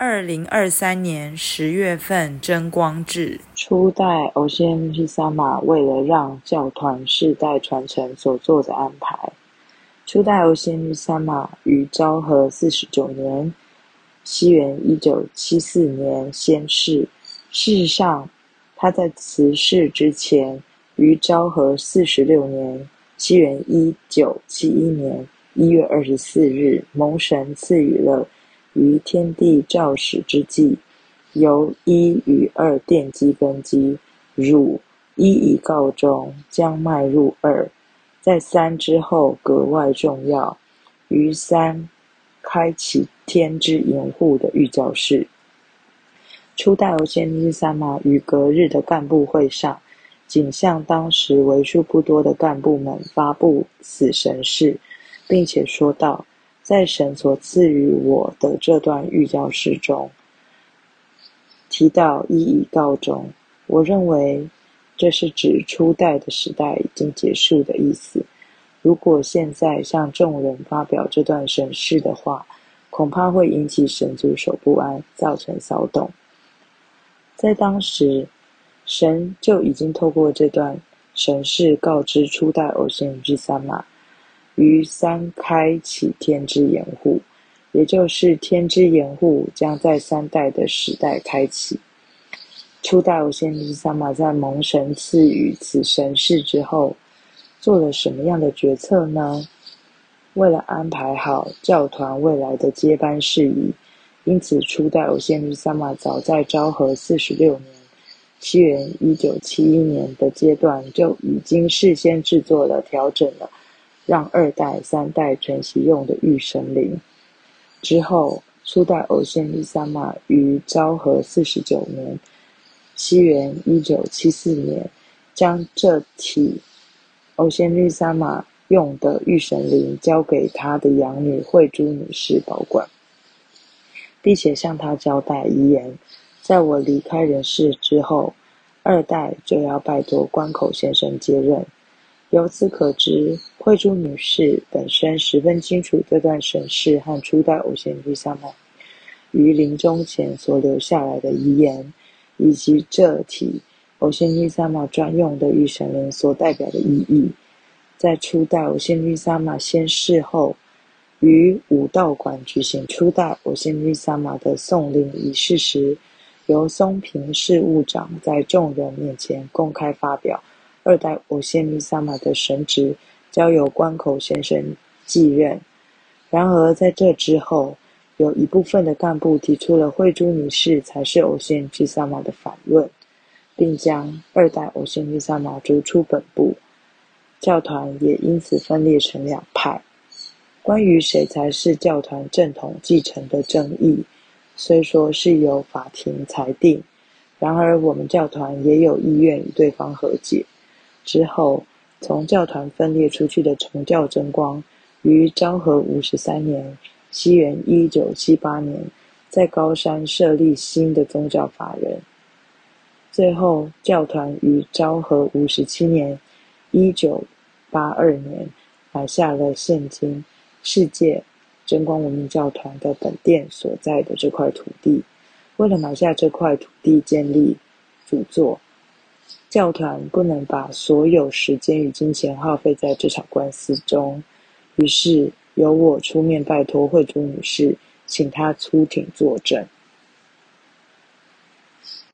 二零二三年十月份，真光誌初代歐仙女三馬，為了讓教團世代傳承所做的安排。初代歐仙女三馬於昭和四十九年（西元一九七四年）仙逝。事實上，他在辭世之前，於昭和四十六年（西元一九七一年）一月二十四日，蒙神賜予了。於天地肇始之際，由一與二奠基根基。汝一已告終，將邁入二，在三之後格外重要。於三，開啟天之掩護的預兆式。初代歐限尼三馬於隔日的幹部會上，僅向當時為數不多的幹部們發布死神事，並且說道。在神所賜予我的這段御教示中，提到“一以告終”，我認為這是指初代的時代已經結束的意思。如果現在向眾人發表這段神事的話，恐怕會引起神族手不安，造成騷動。在當時，神就已經透過這段神事告知初代偶像之三馬。於三開啟天之岩戶，也就是天之岩戶將在三代的時代開啟。初代無限日三馬在蒙神賜予此神事之後，做了什麼樣的決策呢？為了安排好教團未來的接班事宜，因此初代無限日三馬早在昭和四十六年（西元一九七一年）的階段就已經事先制作了調整了。讓二代、三代全席用的御神靈。之後，初代偶仙律薩瑪於昭和四十九年（西元一九七四年）將這體偶仙律薩瑪用的御神靈交給他的養女惠珠女士保管，並且向她交代遺言：在我離開人世之後，二代就要拜託關口先生接任。由此可知，惠珠女士本身十分清楚這段神事和初代偶像尼薩瑪於臨終前所留下來的遺言，以及這體偶像尼薩瑪專用的御神靈所代表的意義。在初代偶像尼薩瑪仙逝後，於武道館舉行初代偶像尼薩瑪的送靈儀式時，由松平事務長在眾人面前公開發表，二代偶仙密薩瑪的神職交由關口先生繼任。然而，在這之後，有一部分的幹部提出了惠珠女士才是偶仙密薩瑪的反論，並將二代偶仙密薩瑪逐出本部，教團也因此分裂成兩派。關於誰才是教團正統繼承的爭議，雖說是由法庭裁定，然而我們教團也有意願與對方和解。之後，從教團分裂出去的崇教真光，於昭和五十三年（西元一九七八年）在高山設立新的宗教法人。最後，教團於昭和五十七年（一九八二年）買下了現今世界真光文明教團的本殿所在的這塊土地，為了買下這塊土地建立主座。教團不能把所有時間與金錢耗費在這場官司中，於是由我出面拜托惠珠女士，請她出庭作證。